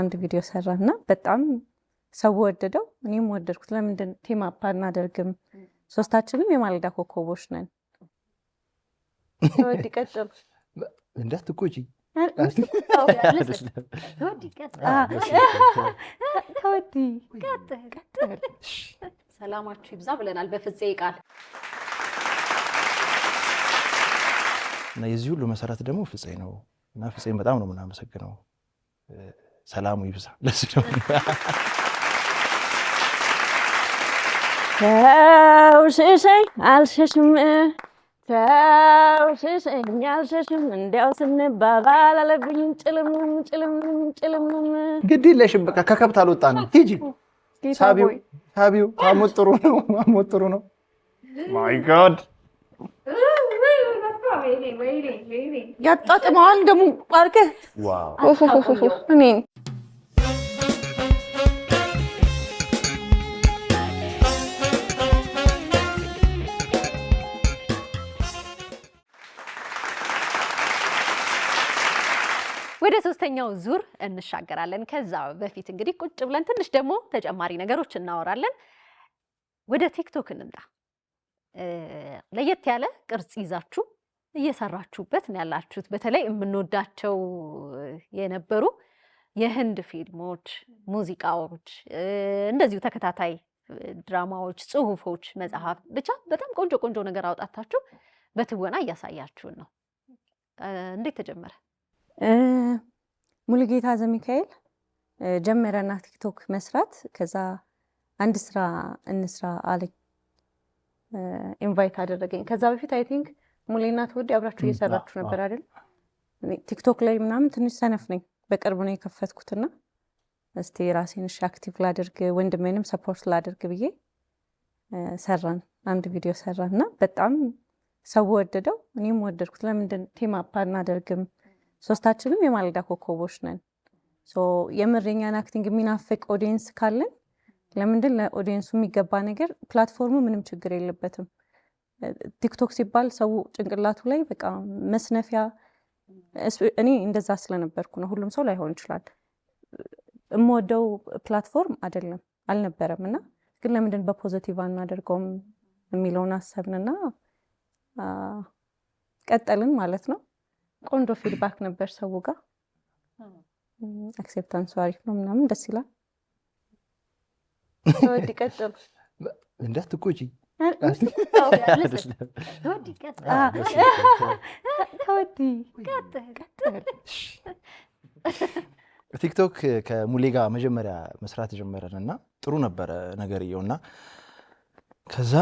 አንድ ቪዲዮ ሰራና በጣም ሰው ወደደው፣ እኔም ወደድኩት። ለምንድን ቲም አፕ አናደርግም? ሶስታችንም የማለዳ ኮከቦች ነን። ተወድ ይቀጥል እንዳትቆጪ ሰላማችሁ ይብዛ ብለናል በፍፄ ቃል እና የዚህ ሁሉ መሰረት ደግሞ ፍፄ ነው እና ፍፄን በጣም ነው የምናመሰግነው። ሰላሙ ይብዛ። ለሱ ተውሽሸኝ አልሸሽም ተውሽሸኝ አልሸሽም እንዲያው ስንባባል አለብኝም ጭልምም ጭልምም ጭልምም ግድ የለሽም በቃ ከከብት አልወጣ ነው። ሂጂ ሳቢው ሳቢው ማሞት ጥሩ ነው። ማሞት ጥሩ ነው። ማይ ጋድ ያጣጥመዋል ደግሞ አድርገህ እኔ ወደ ሶስተኛው ዙር እንሻገራለን። ከዛ በፊት እንግዲህ ቁጭ ብለን ትንሽ ደግሞ ተጨማሪ ነገሮች እናወራለን። ወደ ቲክቶክ እንምጣ። ለየት ያለ ቅርጽ ይዛችሁ እየሰራችሁበት ነው ያላችሁት። በተለይ የምንወዳቸው የነበሩ የህንድ ፊልሞች፣ ሙዚቃዎች፣ እንደዚሁ ተከታታይ ድራማዎች፣ ጽሁፎች፣ መጽሐፍ ብቻ በጣም ቆንጆ ቆንጆ ነገር አውጣታችሁ በትወና እያሳያችሁን ነው። እንዴት ተጀመረ? ሙሉጌታ ዘሚካኤል ጀመረና ቲክቶክ መስራት ከዛ አንድ ስራ እንስራ አለኝ ኢንቫይት አደረገኝ። ከዛ በፊት አይ ቲንክ ሙሌና ትውድ አብራችሁ እየሰራችሁ ነበር አይደል? ቲክቶክ ላይ ምናምን ትንሽ ሰነፍ ነኝ። በቅርብ ነው የከፈትኩትና እስቲ ራሴን አክቲቭ ላድርግ ወንድሜንም ሰፖርት ላድርግ ብዬ ሰራን። አንድ ቪዲዮ ሰራን እና በጣም ሰው ወደደው፣ እኔም ወደድኩት። ለምንድን ቲም አፕ አናደርግም? ሶስታችንም የማለዳ ኮከቦች ነን። የምሬኛን አክቲንግ የሚናፍቅ ኦዲየንስ ካለን ለምንድን ለኦዲየንሱ የሚገባ ነገር ፕላትፎርሙ ምንም ችግር የለበትም ቲክቶክ ሲባል ሰው ጭንቅላቱ ላይ በቃ መስነፊያ እኔ እንደዛ ስለነበርኩ ነው። ሁሉም ሰው ላይሆን ይችላል። የምወደው ፕላትፎርም አይደለም አልነበረም። እና ግን ለምንድን በፖዘቲቭ አናደርገውም የሚለውን አሰብንና ቀጠልን ማለት ነው። ቆንጆ ፊድባክ ነበር ሰው ጋር አክሴፕታንሱ አሪፍ ነው ምናምን ደስ ይላል። ወዲ ቀጥሉ እንዳትቆጪ ቲክቶክ ከሙሌ ጋር መጀመሪያ መስራት ጀመረን እና ጥሩ ነበረ እየው እና ከዛ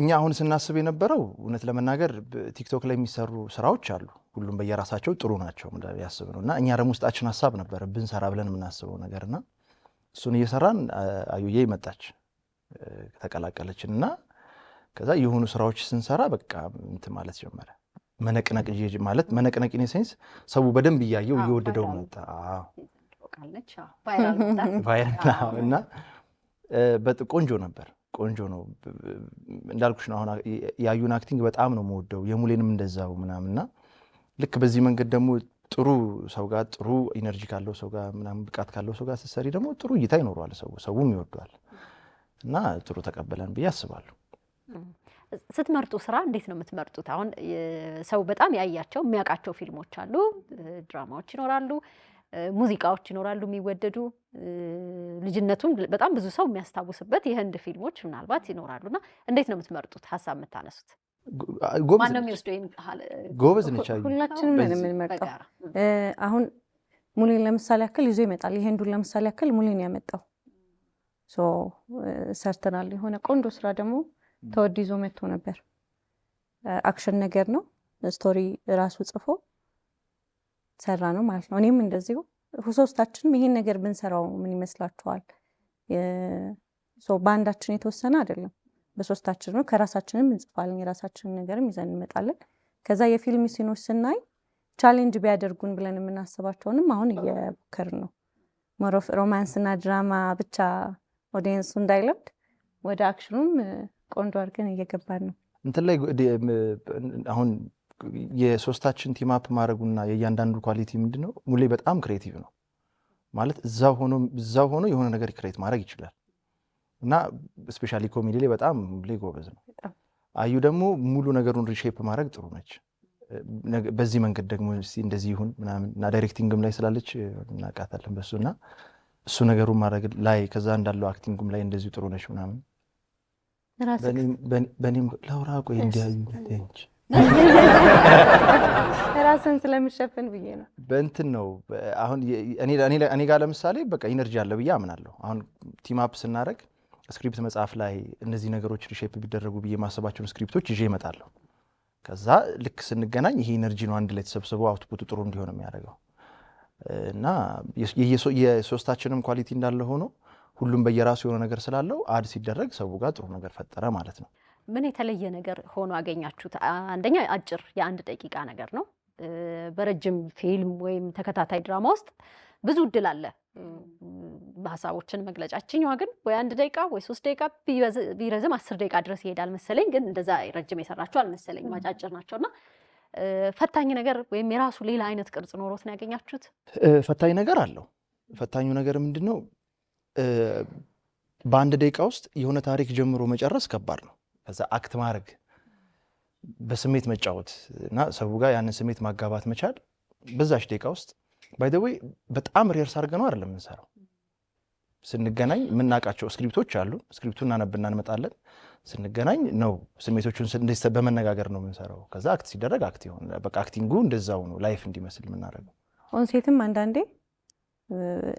እኛ አሁን ስናስብ የነበረው እውነት ለመናገር ቲክቶክ ላይ የሚሰሩ ስራዎች አሉ። ሁሉም በየራሳቸው ጥሩ ናቸው ያስብ ነው እና እኛ ደግሞ ውስጣችን ሀሳብ ነበረ ብንሰራ ብለን የምናስበው ነገር እና እሱን እየሰራን አዩዬ መጣች ተቀላቀለችን እና ከዛ የሆኑ ስራዎች ስንሰራ በቃ እንትን ማለት ጀመረ። መነቅነቅ ማለት መነቅነቅ ሴንስ ሰው በደንብ እያየው እየወደደው መጣ እና ቆንጆ ነበር። ቆንጆ ነው እንዳልኩሽ ነው። አሁን ያዩን አክቲንግ በጣም ነው መወደው የሙሌንም እንደዛው ምናምንና ልክ በዚህ መንገድ ደግሞ ጥሩ ሰው ጋር ጥሩ ኢነርጂ ካለው ሰው ጋር ምናምን ብቃት ካለው ሰው ጋር ስትሰሪ ደግሞ ጥሩ እይታ ይኖረዋል ሰው ሰውም ይወደዋል እና ጥሩ ተቀበለን ብዬ አስባለሁ። ስትመርጡ ስራ እንዴት ነው የምትመርጡት? አሁን ሰው በጣም ያያቸው የሚያውቃቸው ፊልሞች አሉ፣ ድራማዎች ይኖራሉ፣ ሙዚቃዎች ይኖራሉ የሚወደዱ ልጅነቱን በጣም ብዙ ሰው የሚያስታውስበት የህንድ ፊልሞች ምናልባት ይኖራሉና እንዴት ነው የምትመርጡት? ሀሳብ የምታነሱት ጎበዝ ነች። ሁላችንም የምንመርጠው አሁን ሙሊን ለምሳሌ ያክል ይዞ ይመጣል። የህንዱን ለምሳሌ ያክል ሙሊን ያመጣው ሰርተናል። የሆነ ቆንጆ ስራ ደግሞ ተወድ ይዞ መጥቶ ነበር። አክሽን ነገር ነው። ስቶሪ ራሱ ጽፎ ሰራ ነው ማለት ነው። እኔም እንደዚሁ ሶስታችንም ይሄን ነገር ብንሰራው ምን ይመስላችኋል? በአንዳችን የተወሰነ አይደለም፣ በሶስታችን ነው። ከራሳችንም እንጽፋለን፣ የራሳችንን ነገርም ይዘን እንመጣለን። ከዛ የፊልም ሲኖች ስናይ ቻሌንጅ ቢያደርጉን ብለን የምናስባቸውንም አሁን እየሞከርን ነው። እና ድራማ ብቻ ኦዲየንሱ እንዳይለምድ ወደ አክሽኑም ቆንጆ አድርገን እየገባን ነው። እንትን ላይ አሁን የሶስታችን ቲማፕ ማድረጉና የእያንዳንዱ ኳሊቲ ምንድን ነው? ሙሌ በጣም ክሬቲቭ ነው ማለት እዛው ሆኖ የሆነ ነገር ክሬት ማድረግ ይችላል እና ስፔሻሊ ኮሚዲ ላይ በጣም ሙሌ ጎበዝ ነው። አዩ ደግሞ ሙሉ ነገሩን ሪሼፕ ማድረግ ጥሩ ነች። በዚህ መንገድ ደግሞ እንደዚህ ይሁን ምናምን እና ዳይሬክቲንግም ላይ ስላለች እናቃታለን በሱ እና እሱ ነገሩን ማድረግ ላይ ከዛ እንዳለው አክቲንግም ላይ እንደዚሁ ጥሩ ነች ምናምን በእኔም ላውራ ቆይ እንዲያዩኝ ራስን ስለምሸፍን ብዬ ነው። በእንትን ነው አሁን እኔ ጋር ለምሳሌ በቃ ኢነርጂ አለ ብዬ አምናለሁ። አሁን ቲም አፕ ስናደርግ ስክሪፕት መጽሐፍ ላይ እነዚህ ነገሮች ሪሼፕ ቢደረጉ ብዬ ማሰባቸውን ስክሪፕቶች ይዤ እመጣለሁ። ከዛ ልክ ስንገናኝ ይሄ ኢነርጂ ነው አንድ ላይ ተሰብስበው አውትፑቱ ጥሩ እንዲሆን የሚያደርገው እና የሶስታችንም ኳሊቲ እንዳለ ሆኖ ሁሉም በየራሱ የሆነ ነገር ስላለው አድ ሲደረግ ሰው ጋር ጥሩ ነገር ፈጠረ ማለት ነው። ምን የተለየ ነገር ሆኖ አገኛችሁት? አንደኛ አጭር የአንድ ደቂቃ ነገር ነው። በረጅም ፊልም ወይም ተከታታይ ድራማ ውስጥ ብዙ እድል አለ ሀሳቦችን መግለጫችን ዋ ግን ወይ አንድ ደቂቃ ወይ ሶስት ደቂቃ ቢረዝም አስር ደቂቃ ድረስ ይሄዳል መሰለኝ። ግን እንደዛ ረጅም የሰራችሁ አልመሰለኝ አጫጭር ናቸውና ፈታኝ ነገር ወይም የራሱ ሌላ አይነት ቅርጽ ኖሮት ነው ያገኛችሁት? ፈታኝ ነገር አለው። ፈታኙ ነገር ምንድን ነው? በአንድ ደቂቃ ውስጥ የሆነ ታሪክ ጀምሮ መጨረስ ከባድ ነው። ከዛ አክት ማድረግ በስሜት መጫወት እና ሰው ጋር ያንን ስሜት ማጋባት መቻል በዛች ደቂቃ ውስጥ ባይ ዘ በጣም ሬርስ አድርገን ነው አይደለም የምንሰራው። ስንገናኝ የምናውቃቸው ስክሪፕቶች አሉ። ስክሪፕቱ እናነብና እንመጣለን። ስንገናኝ ነው ስሜቶቹን በመነጋገር ነው የምንሰራው። ከዛ አክት ሲደረግ አክት ይሆን በቃ አክቲንጉ እንደዛው ነው ላይፍ እንዲመስል የምናደርገው ኦንሴትም አንዳንዴ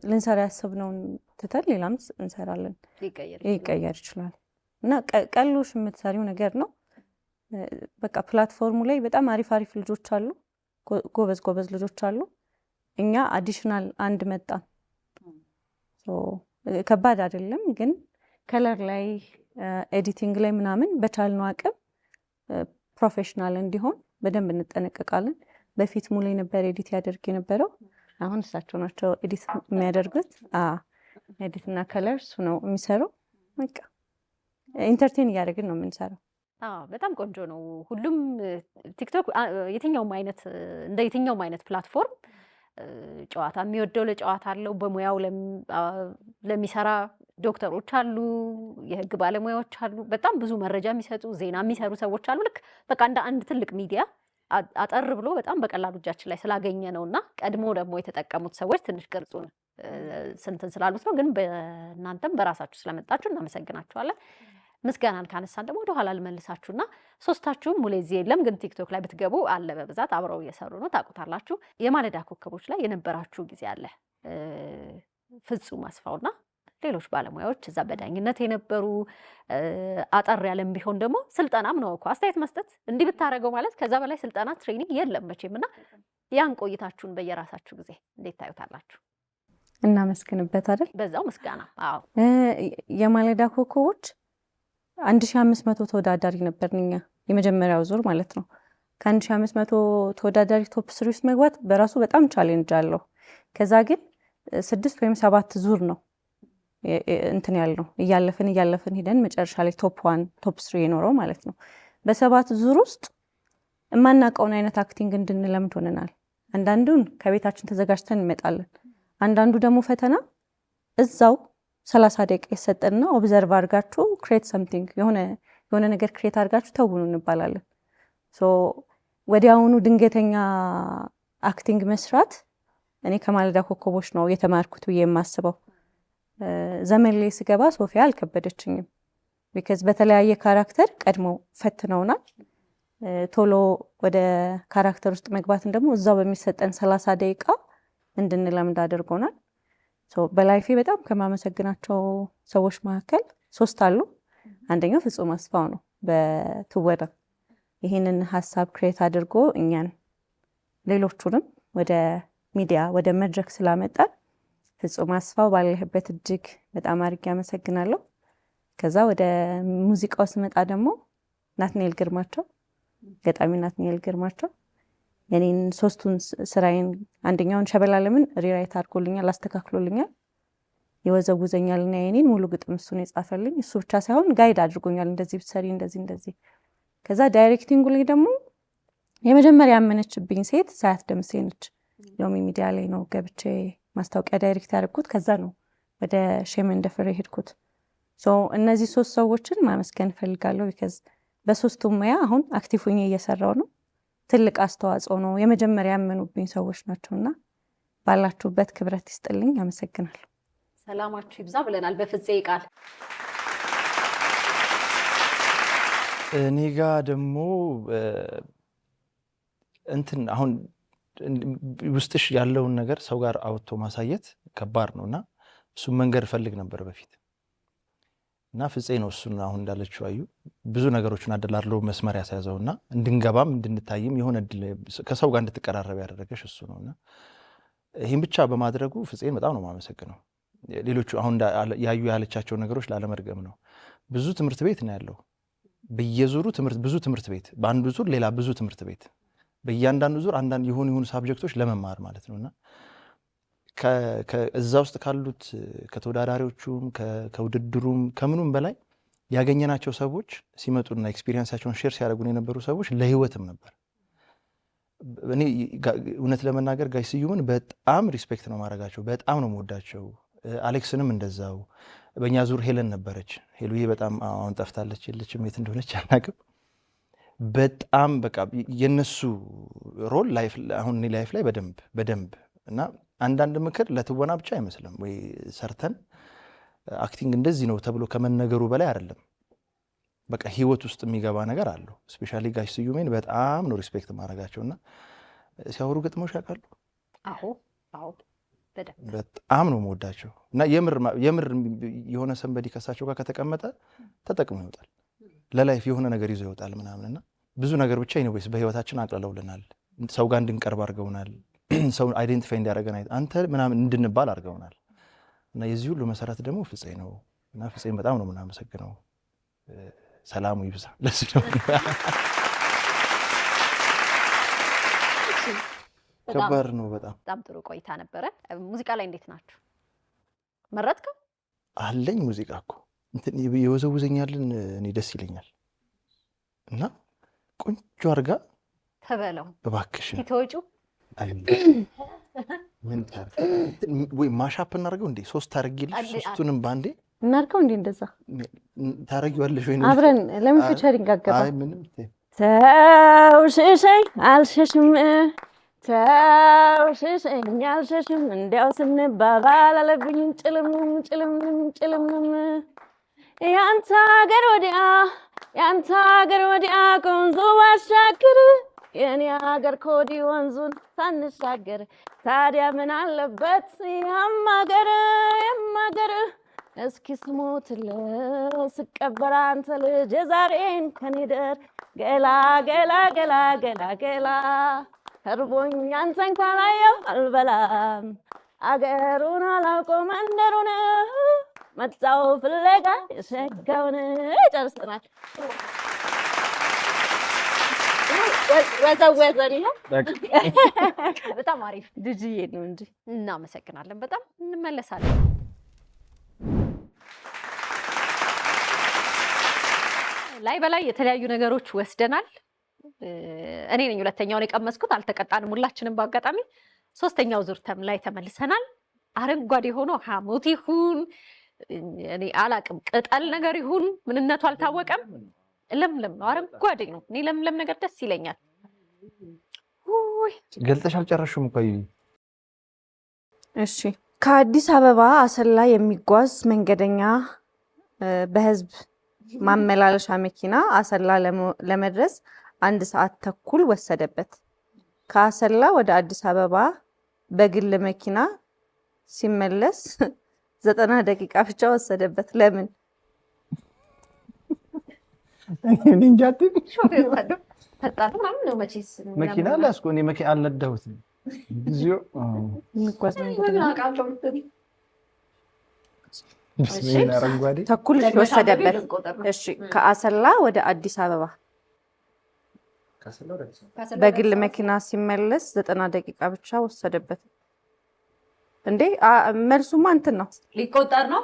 ልንሰራ ያሰብነውን ትተን ሌላም እንሰራለን። ሊቀየር ይችላል እና ቀሎሽ የምትሰሪው ነገር ነው። በቃ ፕላትፎርሙ ላይ በጣም አሪፍ አሪፍ ልጆች አሉ፣ ጎበዝ ጎበዝ ልጆች አሉ። እኛ አዲሽናል አንድ መጣን። ከባድ አይደለም ግን ከለር ላይ ኤዲቲንግ ላይ ምናምን በቻልነው አቅም ፕሮፌሽናል እንዲሆን በደንብ እንጠነቀቃለን። በፊት ሙሉ ነበር ኤዲት ያደርግ የነበረው አሁን እሳቸው ናቸው ኤዲት የሚያደርጉት። ኤዲት እና ከለር እሱ ነው የሚሰሩ። በቃ ኢንተርቴን እያደረግን ነው የምንሰራው። በጣም ቆንጆ ነው። ሁሉም ቲክቶክ የትኛውም አይነት እንደ የትኛውም አይነት ፕላትፎርም ጨዋታ የሚወደው ለጨዋታ አለው። በሙያው ለሚሰራ ዶክተሮች አሉ፣ የህግ ባለሙያዎች አሉ፣ በጣም ብዙ መረጃ የሚሰጡ ዜና የሚሰሩ ሰዎች አሉ። ልክ በቃ እንደ አንድ ትልቅ ሚዲያ አጠር ብሎ በጣም በቀላሉ እጃችን ላይ ስላገኘ ነው እና ቀድሞ ደግሞ የተጠቀሙት ሰዎች ትንሽ ቅርጹን ስንትን ስላሉት ነው። ግን በእናንተም በራሳችሁ ስለመጣችሁ እናመሰግናችኋለን። ምስጋናን ካነሳን ደግሞ ወደኋላ ና ሶስታችሁም ሙሌ እዚህ የለም፣ ግን ቲክቶክ ላይ ብትገቡ አለ። በብዛት አብረው እየሰሩ ነው፣ ታውቁታላችሁ። የማለዳ ኮከቦች ላይ የነበራችሁ ጊዜ አለ ፍጹም አስፋውና ሌሎች ባለሙያዎች እዛ በዳኝነት የነበሩ አጠር ያለም ቢሆን ደግሞ ስልጠናም ነው እኮ አስተያየት መስጠት እንዲህ ብታደረገው ማለት ከዛ በላይ ስልጠና ትሬኒንግ የለም መቼም እና ያን ቆይታችሁን በየራሳችሁ ጊዜ እንዴት ታዩታላችሁ? እናመስግንበት አይደል? በዛው ምስጋና። አዎ የማለዳ ኮከቦች አንድ ሺ አምስት መቶ ተወዳዳሪ ነበርን እኛ የመጀመሪያው ዙር ማለት ነው። ከአንድ ሺ አምስት መቶ ተወዳዳሪ ቶፕ ስሪ ውስጥ መግባት በራሱ በጣም ቻሌንጅ አለው። ከዛ ግን ስድስት ወይም ሰባት ዙር ነው እንትን ያለው እያለፍን እያለፍን ሄደን መጨረሻ ላይ ቶፕ ዋን ቶፕ ስሪ የኖረው ማለት ነው። በሰባት ዙር ውስጥ የማናውቀውን አይነት አክቲንግ እንድንለምድ ሆነናል። አንዳንዱን ከቤታችን ተዘጋጅተን እንመጣለን። አንዳንዱ ደግሞ ፈተና እዛው ሰላሳ ደቂቃ የሰጠንና ኦብዘርቭ አድርጋችሁ ክሬት ሰምቲንግ የሆነ ነገር ክሬት አድርጋችሁ ተውኑ እንባላለን። ወዲያውኑ ድንገተኛ አክቲንግ መስራት እኔ ከማለዳ ኮከቦች ነው የተማርኩት ብዬ የማስበው። ዘመን ላይ ስገባ ሶፊያ አልከበደችኝም። ቢከዝ በተለያየ ካራክተር ቀድሞ ፈትነውናል። ቶሎ ወደ ካራክተር ውስጥ መግባትን ደግሞ እዛው በሚሰጠን ሰላሳ ደቂቃ እንድንለምድ አድርጎናል። በላይፌ በጣም ከማመሰግናቸው ሰዎች መካከል ሶስት አሉ። አንደኛው ፍጹም አስፋው ነው። በትወና ይህንን ሀሳብ ክሬት አድርጎ እኛን ሌሎቹንም ወደ ሚዲያ ወደ መድረክ ስላመጣን ፍጹም አስፋው ባለህበት እጅግ በጣም አድርጌ አመሰግናለሁ። ከዛ ወደ ሙዚቃው ስመጣ ደግሞ ናትኒኤል ግርማቸው ገጣሚ ናትኒኤል ግርማቸው የኔን ሶስቱን ስራዬን አንደኛውን ሸበላ ለምን ሪራይት አድርጎልኛል፣ አስተካክሎልኛል። የወዘውዘኛል የኔን ሙሉ ግጥም እሱን የጻፈልኝ እሱ ብቻ ሳይሆን ጋይድ አድርጎኛል። እንደዚህ ብትሰሪ እንደዚህ እንደዚህ። ከዛ ዳይሬክቲንጉ ላይ ደግሞ የመጀመሪያ ያመነችብኝ ሴት ሳያት ደምሴ ነች። ሎሚ ሚዲያ ላይ ነው ገብቼ ማስታወቂያ ዳይሬክት ያደርግኩት ከዛ ነው ወደ ሼም ኤንድ ፍሬ ሄድኩት። እነዚህ ሶስት ሰዎችን ማመስገን እፈልጋለሁ። ቢከዝ በሶስቱ ሙያ አሁን አክቲቭ ሆኜ እየሰራው ነው። ትልቅ አስተዋጽኦ ነው። የመጀመሪያ ያመኑብኝ ሰዎች ናቸው እና ባላችሁበት ክብረት ይስጥልኝ። አመሰግናለሁ። ሰላማችሁ ይብዛ ብለናል። በፍፄ ቃል እኔ ጋ ደግሞ እንትን አሁን ውስጥሽ ያለውን ነገር ሰው ጋር አውጥቶ ማሳየት ከባድ ነው እና እሱን መንገድ እፈልግ ነበር በፊት እና ፍፄ ነው እሱን አሁን እንዳለችው አዩ ብዙ ነገሮችን አደላድለው መስመር ያስያዘው እና እንድንገባም እንድንታይም የሆነ ከሰው ጋር እንድትቀራረብ ያደረገሽ እሱ ነው እና ይህም ብቻ በማድረጉ ፍፄን በጣም ነው የማመሰግነው። ሌሎቹ አሁን ያዩ ያለቻቸው ነገሮች ላለመድገም ነው። ብዙ ትምህርት ቤት ነው ያለው በየዙሩ ብዙ ትምህርት ቤት፣ በአንዱ ዙር ሌላ ብዙ ትምህርት ቤት በእያንዳንዱ ዙር አንዳንድ የሆኑ የሆኑ ሳብጀክቶች ለመማር ማለት ነው እና እዛ ውስጥ ካሉት ከተወዳዳሪዎቹም ከውድድሩም ከምኑም በላይ ያገኘናቸው ሰዎች ሲመጡና ኤክስፒሪየንሳቸውን ሼር ሲያደርጉን የነበሩ ሰዎች ለህይወትም ነበር። እኔ እውነት ለመናገር ጋሽ ስዩምን በጣም ሪስፔክት ነው ማድረጋቸው፣ በጣም ነው መወዳቸው። አሌክስንም እንደዛው። በእኛ ዙር ሄለን ነበረች። ሄሉ በጣም አሁን ጠፍታለች፣ የለችም የት እንደሆነች አናቅም። በጣም በቃ የነሱ ሮል አሁን እኔ ላይፍ ላይ በደንብ በደንብ እና አንዳንድ ምክር ለትወና ብቻ አይመስልም ወይ ሰርተን አክቲንግ እንደዚህ ነው ተብሎ ከመነገሩ በላይ አይደለም። በቃ ህይወት ውስጥ የሚገባ ነገር አለው። ስፔሻሊ ጋሽ ስዩሜን በጣም ነው ሪስፔክት ማድረጋቸው እና ሲያወሩ ግጥሞች ያውቃሉ። በጣም ነው መወዳቸው እና የምር የሆነ ሰንበዲ ከሳቸው ጋር ከተቀመጠ ተጠቅሞ ይወጣል። ለላይፍ የሆነ ነገር ይዞ ይወጣል ምናምንና ብዙ ነገር ብቻ ኢኒዌይስ በህይወታችን አቅልለውልናል። ሰው ጋር እንድንቀርብ አድርገውናል። ሰው አይደንቲፋይ እንዲያደርገን አንተ ምናምን እንድንባል አድርገውናል። እና የዚህ ሁሉ መሰረት ደግሞ ፍፄ ነው እና ፍፄን በጣም ነው የምናመሰግነው። ሰላሙ ይብዛ። ለሱ ነው ከባድ ነው በጣም በጣም ጥሩ ቆይታ ነበረ። ሙዚቃ ላይ እንዴት ናችሁ? መረጥከው አለኝ ሙዚቃ እኮ የወዘውዘኛልን እኔ ደስ ይለኛል እና ቆንጆ አርጋ ተበለው እባክሽ ተወጪው ወይ ማሻፕ እናደርገው እንዴ? ሶስት ታደርጊልሽ፣ ሶስቱንም በአንዴ እናርገው እንዴ? እንደዛ ታደርጊዋለሽ ወይ? አብረን ለምን ፊቸሪንግ አገባ? ተው ሽሸኝ አልሸሽም፣ ተው አልሸሽም፣ እንዲያው ስንባባል አለብኝም ጭልምም ጭልምም ጭልምም የአንተ ሀገር ወዲያ የአንተ ሀገር ወዲያ ከወንዙ ባሻገር የኔ ሀገር ኮዲ ወንዙን ሳንሻገር ታዲያ ምን አለበት ያማገር ያማገር እስኪ ስሞትልህ ስቀበር አንተ ልጅ የዛሬን ከኔደር ገላ ገላ ገላ ገላ ገላ እርቦኝ አንተን ካላየሁ አልበላም አገሩን አላውቀው መንደሩን መጣው ፍለጋ የሸጋውን ጨርሰናል። በጣም አሪፍ ልጅዬ ነው እንጂ እናመሰግናለን። በጣም እንመለሳለን። ላይ በላይ የተለያዩ ነገሮች ወስደናል። እኔ ነኝ ሁለተኛውን የቀመስኩት፣ አልተቀጣንም ሁላችንም። በአጋጣሚ ሶስተኛው ዙር ተም ላይ ተመልሰናል። አረንጓዴ ሆኖ ሐሞት ይሁን እኔ አላቅም ቅጠል ነገር ይሁን ምንነቱ አልታወቀም። ለምለም ነው፣ አረንጓዴ ነው። እኔ ለምለም ነገር ደስ ይለኛል። ገልጠሽ አልጨረሽም እኮ እሺ። ከአዲስ አበባ አሰላ የሚጓዝ መንገደኛ በህዝብ ማመላለሻ መኪና አሰላ ለመድረስ አንድ ሰዓት ተኩል ወሰደበት። ከአሰላ ወደ አዲስ አበባ በግል መኪና ሲመለስ ዘጠና ደቂቃ ብቻ ወሰደበት። ለምን መኪና ላስኩ እኔ መኪና አልነዳሁትም። ተኩል ወሰደበት። እሺ ከአሰላ ወደ አዲስ አበባ በግል መኪና ሲመለስ ዘጠና ደቂቃ ብቻ ወሰደበት። እንዴ መልሱማ እንትን ነው ሊቆጠር ነው።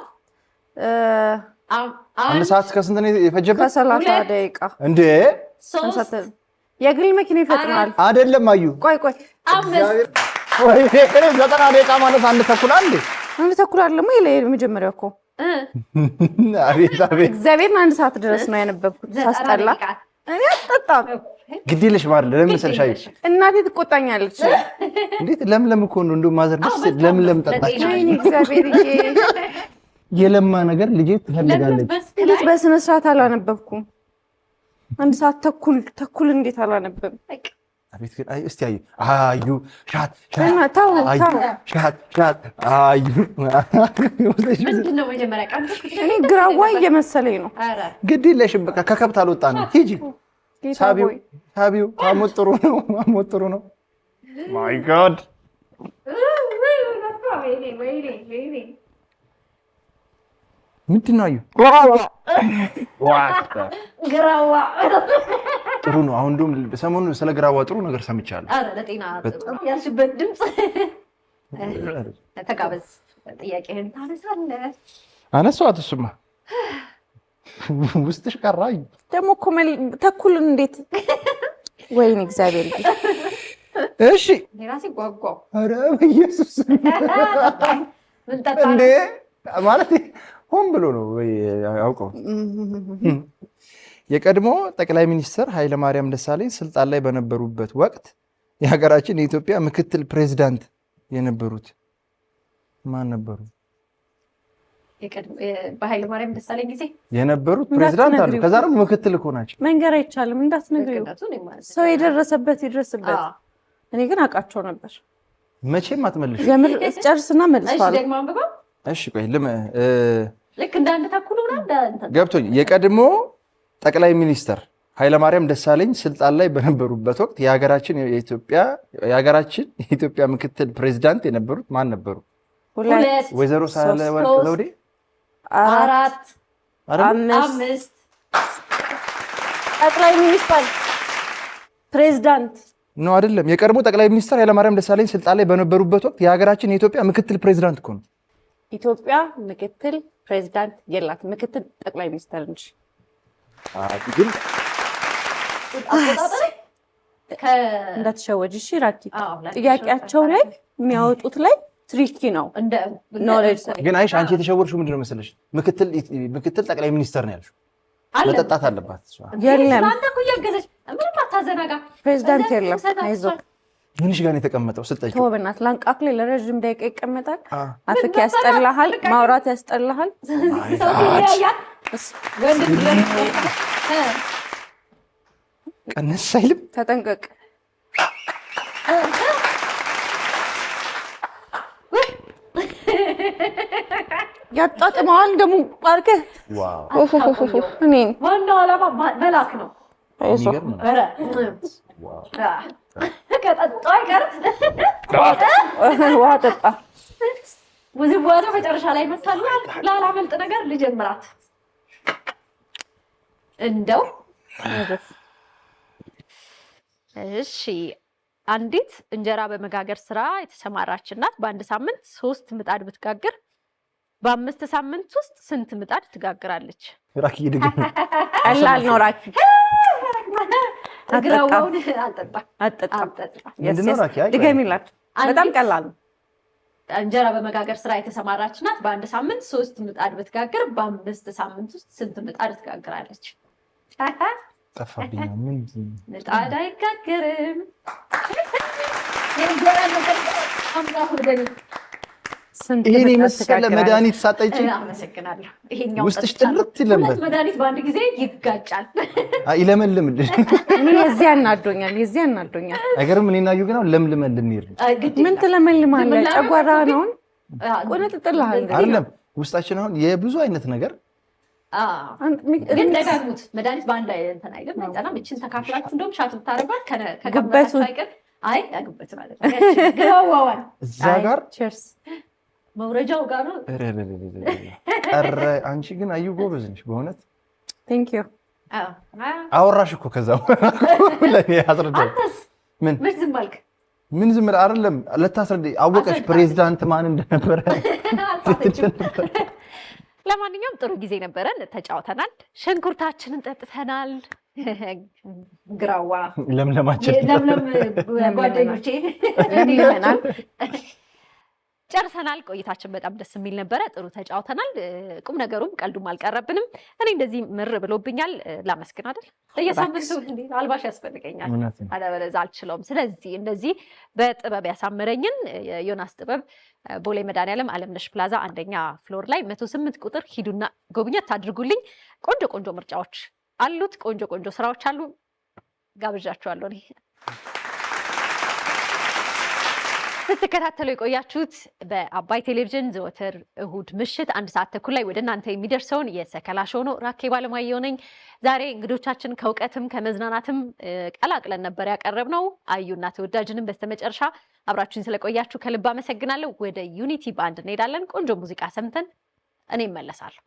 አንድ ሰዓት ከስንት ነው የፈጀበት? ከሰላሳ ደቂቃ እንዴ የግል መኪና ይፈጥናል አይደለም? አዩ ቆይ ቆይ ዘጠና ደቂቃ ማለት አንድ ተኩል አንዴ አንድ ተኩል አይደለም ወይ? የመጀመሪያው እኮ እግዚአብሔርን አንድ ሰዓት ድረስ ነው ያነበብኩት ሳስጠላ እኔ አጠጣም። ግድ የለሽም ለምን መሰለሽ አየሽ፣ እናቴ ትቆጣኛለች። እንዴት ለምለም እኮ ነው እንደው ማዘር ደስ ለምለም ጠጣች። የለማ ነገር ልጄ ትፈልጋለች። እንዴት በስነ ስርዓት አላነበብኩም? አንድ ሰዓት ተኩል ተኩል እንዴት አላነበብም? አቤት ግን እስቲ አዩ፣ አዩ ሻት ሻት አዩ። ግራዋ እየመሰለኝ ነው። ግድ የለሽም በቃ ከከብት አልወጣ ነው። ሂጂ ሳቢው፣ ሳቢው። ነው፣ አሞት ነው። ማይ ጋድ ምንድን ነው አዩ ግራዋ ጥሩ ነው። አሁን እንደውም ሰሞኑን ስለ ግራዋ ጥሩ ነገር ሰምቻለሁ። ኧረ ለጤና ጥሩ ያልሽበት ድምፅ ተጋበዝ። ጥያቄህን ታነሳለህ። አነሳኋት። እሱማ ውስጥሽ ቀራ ደግሞ እኮ ተኩል እንዴት ወይኔ እግዚአብሔር ጌ እሺ ራሴ ጓጓ ኢየሱስ እንዴ ማለት ሆን ብሎ ነው ወይ አውቀው የቀድሞ ጠቅላይ ሚኒስትር ኃይለማርያም ደሳለኝ ስልጣን ላይ በነበሩበት ወቅት የሀገራችን የኢትዮጵያ ምክትል ፕሬዚዳንት የነበሩት ማን ነበሩ? በኃይለማርያም ደሳለኝ ጊዜ የነበሩት ፕሬዚዳንት አሉ። ከዛ ደግሞ ምክትል እኮ ናቸው። መንገር አይቻልም። እንዳትነግሪው ሰው የደረሰበት ይድረስበት። እኔ ግን አውቃቸው ነበር። መቼም አትመልሽ። የምር ጨርስና መልሷል። እሺ ቆይ ልክ እንዳንተ ተኩል ገብቶኝ የቀድሞ ጠቅላይ ሚኒስትር ኃይለማርያም ደሳለኝ ስልጣን ላይ በነበሩበት ወቅት የሀገራችን የኢትዮጵያ ምክትል ፕሬዚዳንት የነበሩት ማን ነበሩ? ወይዘሮ ሳህለወርቅ ዘውዴ። አራት አምስት ጠቅላይ ሚኒስትር ፕሬዚዳንት ነው አይደለም። የቀድሞ ጠቅላይ ሚኒስትር ኃይለማርያም ደሳለኝ ስልጣን ላይ በነበሩበት ወቅት የሀገራችን የኢትዮጵያ ምክትል ፕሬዚዳንት እኮ ነው። ኢትዮጵያ ምክትል ፕሬዚዳንት የላት ምክትል ጠቅላይ ሚኒስትር እንጂ ግን እንዳትሸወጅ እሺ። ራኪ ጥያቄያቸው ላይ የሚያወጡት ላይ ትሪኪ ነው። ግን አይሽ አንቺ የተሸወርሽው ምንድን ነው መሰለሽ? ምክትል ጠቅላይ ሚኒስተር ነው ያልሽው። መጠጣት አለባት። የለም ፕሬዚዳንት የለም። አይዞህ ምንሽ ጋር የተቀመጠው ስጠይቅ በእናትህ ለረዥም ደቂቃ ይቀመጣል። አፍክ ያስጠላሃል፣ ማውራት ያስጠላሃል። ቀነስ አይልም። ተጠንቀቅ። ያጣጥመዋል ደግሞ አድርገህ እኔን ዋናው ዓላማ መላክ ነው። ውሃ ጠጣ። ውዝዋዜው መጨረሻ ላይ መታል ላላመልጥ ነገር ልጀምራት እንደው እሺ አንዲት እንጀራ በመጋገር ስራ የተሰማራች እናት በአንድ ሳምንት ሶስት ምጣድ ብትጋግር በአምስት ሳምንት ውስጥ ስንት ምጣድ ትጋግራለች? ራኪ ቀላል ነው። ራኪ ድገሚላት። በጣም ቀላል ነው። እንጀራ በመጋገር ስራ የተሰማራች እናት በአንድ ሳምንት ሶስት ምጣድ ብትጋግር በአምስት ሳምንት ውስጥ ስንት ምጣድ ትጋግራለች? ጠፋብኝ። ምን ምጣድ አይጋገርም። ይሄን የመሰለ መድኃኒት ሳጠጪ ውስጥሽ ጥርት ይለምዳል። መድኃኒት በአንድ ጊዜ ይጋጫል፣ ይለመልምልሽ። የዚህ አናዶኛል፣ የዚህ አናዶኛል። ነገርም እኔና እናዩ ግን ለምልመል ልንሄድ ምን ትለመልማለህ? ጨጓራ ነውን? ቆነጥጥልሃል። አይደለም ውስጣችን አሁን የብዙ አይነት ነገር ግን ደጋግሙት። መድኃኒት በአንድ ላይ እንትን አይልም አይጠናም። እችን ተካፍላችሁ እንደውም ሻት ብታረጓል ከገበቱይቀር አይ ግበት ማለት ግባዋዋል እዛ ጋር ቸርስ መውረጃው ጋር ነው። አንቺ ግን አዩ ጎበዝ ነሽ በእውነት አወራሽ እኮ ከዛ ምን ዝም አልክ? ምን ዝም አይደለም ልታስረዳኝ አወቀሽ ፕሬዚዳንት ማን እንደነበረ ለማንኛውም ጥሩ ጊዜ ነበረን፣ ተጫውተናል፣ ሽንኩርታችንን ጠጥተናል። ግራዋ ለምለማችን ለምለም ጓደኞቼ እንዲህ ይለናል። ጨርሰናል። ቆይታችን በጣም ደስ የሚል ነበረ። ጥሩ ተጫውተናል። ቁም ነገሩም ቀልዱም አልቀረብንም። እኔ እንደዚህ ምር ብሎብኛል። ላመስግን አይደል? በየሳምንቱ አልባሽ ያስፈልገኛል፣ አለበለዚያ አልችለውም። ስለዚህ እንደዚህ በጥበብ ያሳምረኝን ዮናስ ጥበብ ቦሌ መድኃኒዓለም አለምነሽ ፕላዛ አንደኛ ፍሎር ላይ መቶ ስምንት ቁጥር ሂዱና ጎብኘት ታድርጉልኝ። ቆንጆ ቆንጆ ምርጫዎች አሉት። ቆንጆ ቆንጆ ስራዎች አሉ። ጋብዣችኋለሁ እኔ ስትከታተሉ የቆያችሁት በአባይ ቴሌቪዥን ዘወትር እሁድ ምሽት አንድ ሰዓት ተኩል ላይ ወደ እናንተ የሚደርሰውን የሰከላ ሾው ነው። ራኬ ባለሙያየሁ ነኝ። ዛሬ እንግዶቻችን ከእውቀትም ከመዝናናትም ቀላቅለን ነበር ያቀረብ ነው። አዩና ተወዳጅንም በስተመጨረሻ አብራችሁን ስለቆያችሁ ከልብ አመሰግናለሁ። ወደ ዩኒቲ ባንድ እንሄዳለን። ቆንጆ ሙዚቃ ሰምተን እኔ እመለሳለሁ።